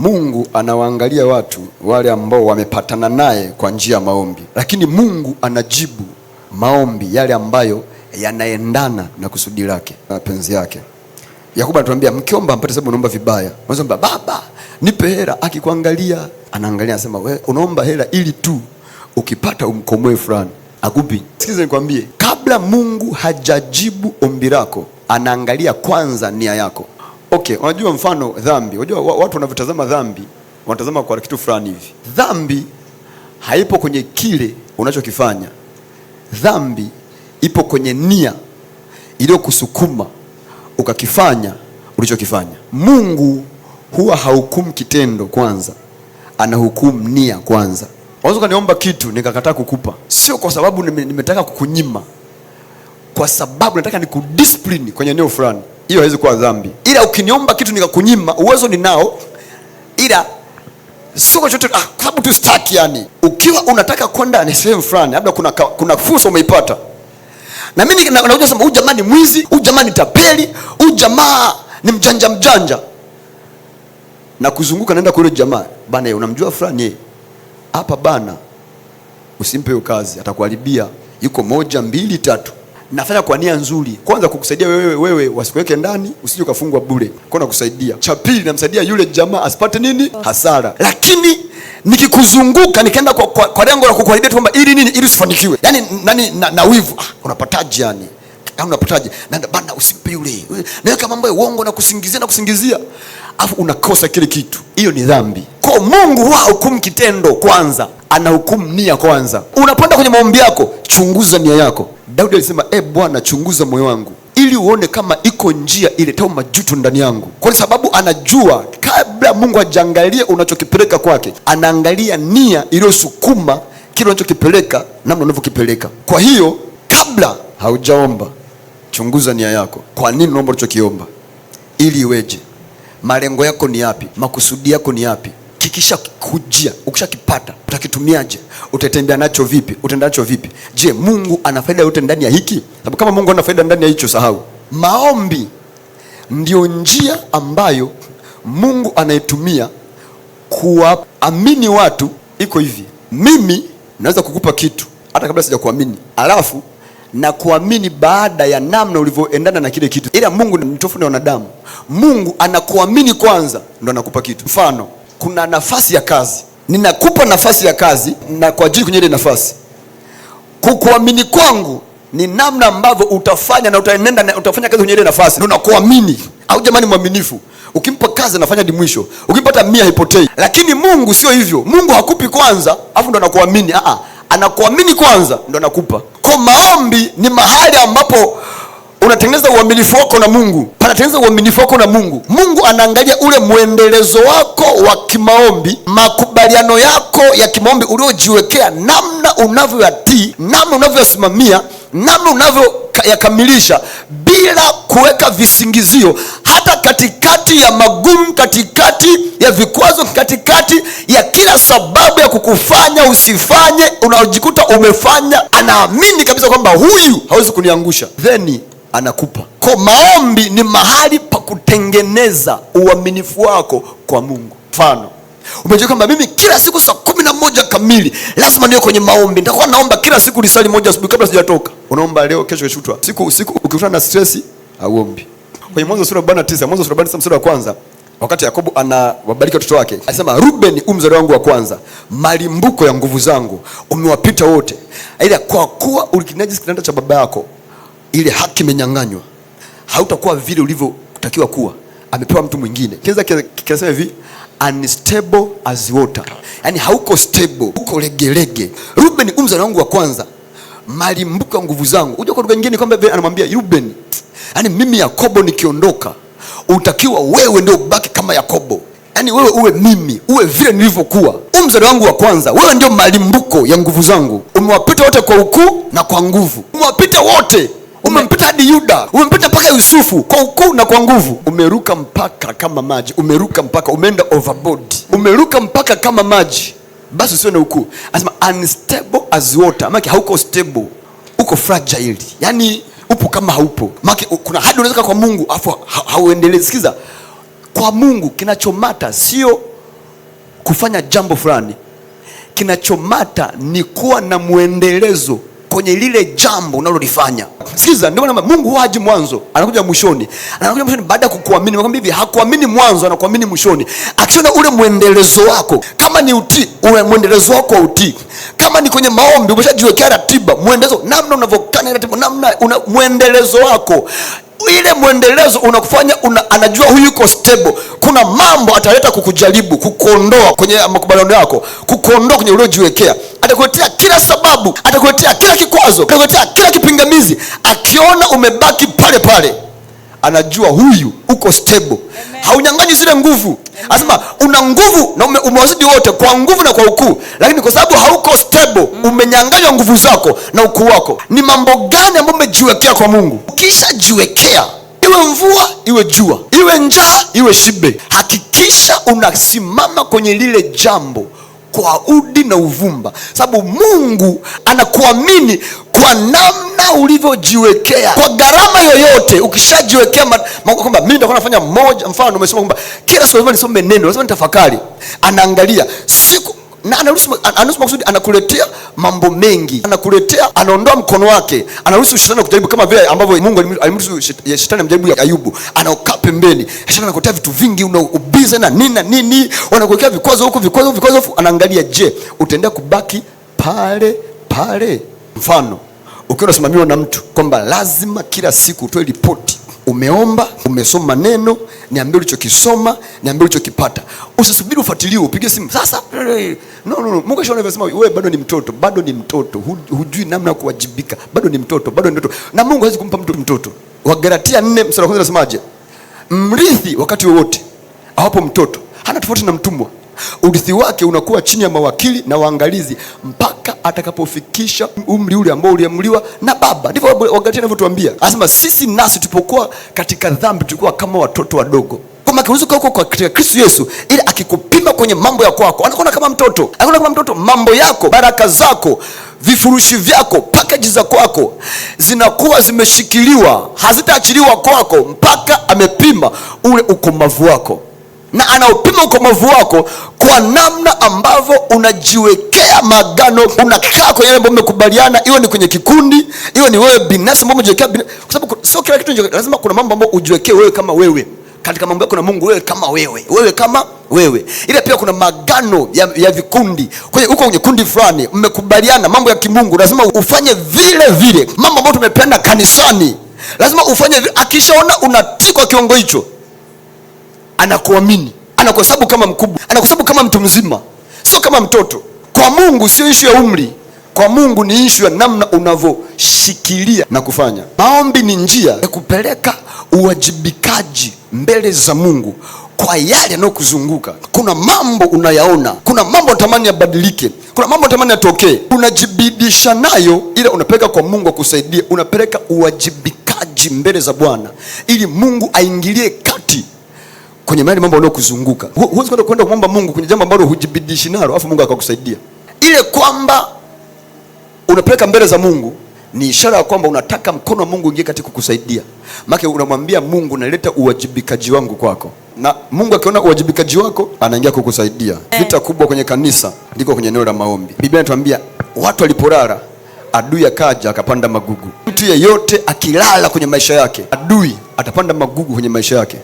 Mungu anawaangalia watu wale ambao wamepatana naye kwa njia ya maombi, lakini Mungu anajibu maombi yale ambayo yanaendana na kusudi lake na mapenzi yake. Yakobo anatuambia mkiomba mpate, sababu unaomba vibaya. Mwanzoomba baba nipe hela, akikuangalia anaangalia, anasema wewe unaomba hela ili tu ukipata umkomoe fulani akupi. Sikiza nikwambie, kabla Mungu hajajibu ombi lako, anaangalia kwanza nia yako. Okay, unajua mfano dhambi, unajua watu wanavyotazama dhambi wanatazama kwa kitu fulani hivi. Dhambi haipo kwenye kile unachokifanya, dhambi ipo kwenye nia iliyokusukuma ukakifanya ulichokifanya. Mungu huwa hahukumu kitendo kwanza, anahukumu nia kwanza. Unaweza ukaniomba kitu nikakataa kukupa, sio kwa sababu nimetaka kukunyima, kwa sababu nataka nikudiscipline kwenye eneo fulani hiyo haiwezi kuwa dhambi, ila ukiniomba kitu nikakunyima, uwezo ninao, ila sio chochote ah, kwa sababu tu sitaki. Yani ukiwa unataka kwenda ni sehemu fulani, labda kuna, kuna fursa umeipata, na mimi nakuja sema huyu jamaa ni mwizi, huyu jamaa ni tapeli, huyu jamaa ni mjanja mjanja, na kuzunguka naenda kwa yule jamaa bana, yeye eh, unamjua fulani eh, hapa bana, usimpe kazi, atakuharibia. Yuko moja mbili tatu nafanya kwa nia nzuri, kwanza kukusaidia wewe, wewe wasikuweke ndani, usije ukafungwa bure. Kwa nakusaidia, cha pili namsaidia yule jamaa asipate nini hasara, lakini nikikuzunguka nikaenda kwa, kwa, kwa lengo la kukuharibia kwamba ili nini, ili usifanikiwe, yani nani na, na wivu. Ah, unapataje yani ah, unapataje bana, usimpe yule, naweka mambo ya uongo na kusingizia na kusingizia, afu unakosa kile kitu. Hiyo ni dhambi. Kwa Mungu wao hukumu kitendo kwanza anahukumu nia kwanza. Unapanda kwenye maombi yako, chunguza nia yako. Daudi alisema, e Bwana, chunguza moyo wangu ili uone kama iko njia iletao majuto ndani yangu, kwa sababu anajua kabla Mungu ajangalie unachokipeleka kwake, anaangalia nia iliyosukuma kile unachokipeleka, namna unavyokipeleka. Kwa hiyo kabla haujaomba, chunguza nia yako. Kwa nini unaomba ulichokiomba? Ili iweje? Malengo yako ni yapi? Makusudi yako ni yapi? kikisha kujia, ukishakipata utakitumiaje? Utatembea nacho vipi? Utaenda nacho vipi? Je, Mungu ana faida yote ndani ya hiki? Sababu kama Mungu ana faida ndani ya hicho, sahau. Maombi ndio njia ambayo Mungu anaitumia kuwaamini watu. Iko hivi, mimi naweza kukupa kitu hata kabla kuamini alafu na kuamini baada ya namna ulivyoendana na kile kitu. Ila Mungu ni mtofu na wanadamu. Mungu anakuamini kwanza, ndo anakupa kitu. Mfano, kuna nafasi ya kazi, ninakupa nafasi ya kazi na kwa ajili kwenye ile nafasi, kukuamini kwangu ni namna ambavyo utafanya na utaenenda na utafanya kazi kwenye ile nafasi, ndio nakuamini. Au jamani, mwaminifu ukimpa kazi anafanya di mwisho, ukipata mia haipotei. Lakini Mungu sio hivyo. Mungu hakupi kwanza afu ndo anakuamini. Ah, ah. anakuamini kwanza ndo anakupa. Kwa maombi ni mahali ambapo unatengeneza uaminifu wako na Mungu, panatengeneza uaminifu wako na Mungu. Mungu anaangalia ule mwendelezo wako wa kimaombi, makubaliano yako ya kimaombi uliojiwekea, namna unavyoyatii, namna unavyoyasimamia, namna unavyoyakamilisha bila kuweka visingizio, hata katikati ya magumu, katikati ya vikwazo, katikati ya kila sababu ya kukufanya usifanye, unaojikuta umefanya. Anaamini kabisa kwamba huyu hawezi kuniangusha, then anakupa. Kwa maombi ni mahali pa kutengeneza uaminifu wako kwa Mungu. Mfano, umejua kwamba mimi kila siku saa kumi na moja kamili lazima niwe kwenye maombi, nitakuwa naomba kila siku lisali moja asubuhi kabla sijatoka. Unaomba leo, kesho keshutwa, siku usiku, ukikutana na stresi auombi. Kwenye Mwanzo sura 49, Mwanzo sura 49 mstari wa kwanza wakati Yakobo anawabariki watoto wake anasema, Ruben u wangu wa kwanza, malimbuko ya nguvu zangu, umewapita wote, ila kwa kuwa ulikinajisi kitanda cha baba yako ile haki imenyang'anywa, hautakuwa vile ulivyotakiwa kuwa, amepewa mtu mwingine. Kinasema hivi unstable as water, yani hauko stable, uko legelege. Ruben umzali wangu wa kwanza, malimbuko ya nguvu zangu. Unajua kwa lugha nyingine kwamba anamwambia Ruben, yani mimi Yakobo nikiondoka, utakiwa wewe ndio ubaki kama Yakobo. yani wewe uwe mimi, uwe vile nilivyokuwa. Umzali wangu wa kwanza, wewe ndio malimbuko ya nguvu zangu. Umewapita wote kwa ukuu na kwa nguvu, umewapita wote umempita hadi Yuda, umempita mpaka Yusufu kwa ukuu na kwa nguvu. Umeruka mpaka kama maji, umeruka mpaka, umeenda overboard, umeruka mpaka kama maji, basi usiwe na ukuu. Anasema unstable as water, maana hauko stable, uko fragile, yani upo kama haupo. Maana kuna hadi unaweza kwa Mungu afu hauendelee. Sikiza, kwa Mungu kinachomata sio kufanya jambo fulani, kinachomata ni kuwa na mwendelezo kwenye lile jambo unalolifanya. Sikiza, ndio maana Mungu haji mwanzo, anakuja mwishoni. Anakuja mwishoni baada ya kukuamini. Nakwambia hivi, hakuamini mwanzo, anakuamini mwishoni. Akiona ule mwendelezo wako, kama ni utii, ule mwendelezo wako wa utii. Kama ni kwenye maombi, umeshajiwekea ratiba, mwendelezo, namna unavyokaa ratiba, namna una, mwendelezo wako ile mwendelezo unakufanya una, anajua huyu yuko stable. Kuna mambo ataleta kukujaribu, kukuondoa kwenye makubaliano yako, kukuondoa kwenye uliojiwekea. Atakuletea kila sababu, atakuletea kila kikwazo, atakuletea kila kipingamizi. Akiona umebaki pale pale, anajua huyu uko stable, haunyang'anyi zile nguvu anasema una nguvu na umewazidi wote kwa nguvu na kwa ukuu lakini kwa sababu hauko stable mm. umenyanganywa nguvu zako na ukuu wako ni mambo gani ambayo umejiwekea kwa mungu ukishajiwekea iwe mvua iwe jua iwe njaa iwe shibe hakikisha unasimama kwenye lile jambo kwa udi na uvumba, sababu Mungu anakuamini kwa namna ulivyojiwekea kwa gharama yoyote. Ukishajiwekea kwamba mimi nitakuwa nafanya moja, mfano umesema kwamba kila siku lazima nisome neno, lazima nitafakari, anaangalia si na anaruhusu makusudi, anakuletea mambo mengi, anakuletea anaondoa mkono wake, anaruhusu shetani kujaribu, kama vile ambavyo Mungu alimruhusu shetani mjaribu Ayubu. Anaokaa pembeni, shetani anakuletea vitu vingi, una ubiza na nini na nini, wanakuwekea vikwazo huko, vikwazo vikwazo, anaangalia, je, utaendea kubaki pale pale? Mfano, ukiwa unasimamiwa na mtu kwamba lazima kila siku utoe ripoti umeomba, umesoma neno, niambie ulichokisoma, niambie ulichokipata. Usisubiri ufuatiliwe, upige simu sasa. No, no, no. Mungu anavyosema wewe bado ni mtoto, bado ni mtoto, hujui namna ya kuwajibika, bado ni mtoto, bado ni mtoto, na Mungu hawezi kumpa mtu mtoto. Wagalatia 4 mstari wa 1 unasemaje? Mrithi wakati wowote awapo mtoto hana tofauti na mtumwa. Urithi wake unakuwa chini ya mawakili na waangalizi mpaka atakapofikisha umri ule ambao uliamliwa na baba. Ndivyo Wagalatia anavyotuambia, anasema sisi nasi tupokuwa katika dhambi tulikuwa kama watoto wadogo Kwa katika Kristo Yesu, ili akikupima kwenye mambo ya kwako anakuona kama mtoto, anakuona kama mtoto. Mambo yako, baraka zako, vifurushi vyako, package za kwako zinakuwa zimeshikiliwa, hazitaachiliwa kwako mpaka amepima ule ukomavu wako na anaupima ukomavu wako kwa namna ambavyo unajiwekea magano unakaa kwenye ambayo mmekubaliana, iwe ni kwenye kikundi, iwe ni wewe binafsi ambao umejiwekea, kwa sababu sio kila kitu lazima. Kuna mambo ambayo ujiwekee wewe kama wewe katika mambo yako na Mungu, wewe kama wewe, wewe kama wewe. Ile pia kuna magano ya, ya vikundi. Kwa hiyo uko kwenye kundi fulani, mmekubaliana mambo ya kimungu, lazima ufanye vile vile. Mambo ambayo tumependa kanisani, lazima ufanye Akishaona unatii kwa kiwango hicho anakuamini, anakuhesabu kama mkubwa, anakuhesabu kama mtu mzima, sio kama mtoto. Kwa Mungu sio ishu ya umri, kwa Mungu ni ishu ya namna unavyoshikilia na kufanya. Maombi ni njia ya kupeleka uwajibikaji mbele za Mungu kwa yale yanayokuzunguka. Kuna mambo unayaona, kuna mambo unatamani yabadilike, kuna mambo unatamani yatokee, unajibidisha nayo, ila unapeleka kwa Mungu akusaidia, unapeleka uwajibikaji mbele za Bwana ili Mungu aingilie kati kwenye mali mambo yanayokuzunguka. Huwezi kwenda kwenda kumwomba Mungu kwenye jambo ambalo hujibidishi nalo, afu Mungu akakusaidia. Ile kwamba unapeleka mbele za Mungu ni ishara ya kwamba unataka mkono wa Mungu ingie katika kukusaidia, maana unamwambia Mungu, naleta uwajibikaji wangu kwako, na Mungu akiona uwajibikaji wako anaingia kukusaidia. Eh. Vita kubwa kwenye kanisa ndiko kwenye eneo la maombi. Biblia inatuambia watu walipolala adui akaja akapanda magugu. Mtu yeyote akilala kwenye maisha yake, adui atapanda magugu kwenye maisha yake.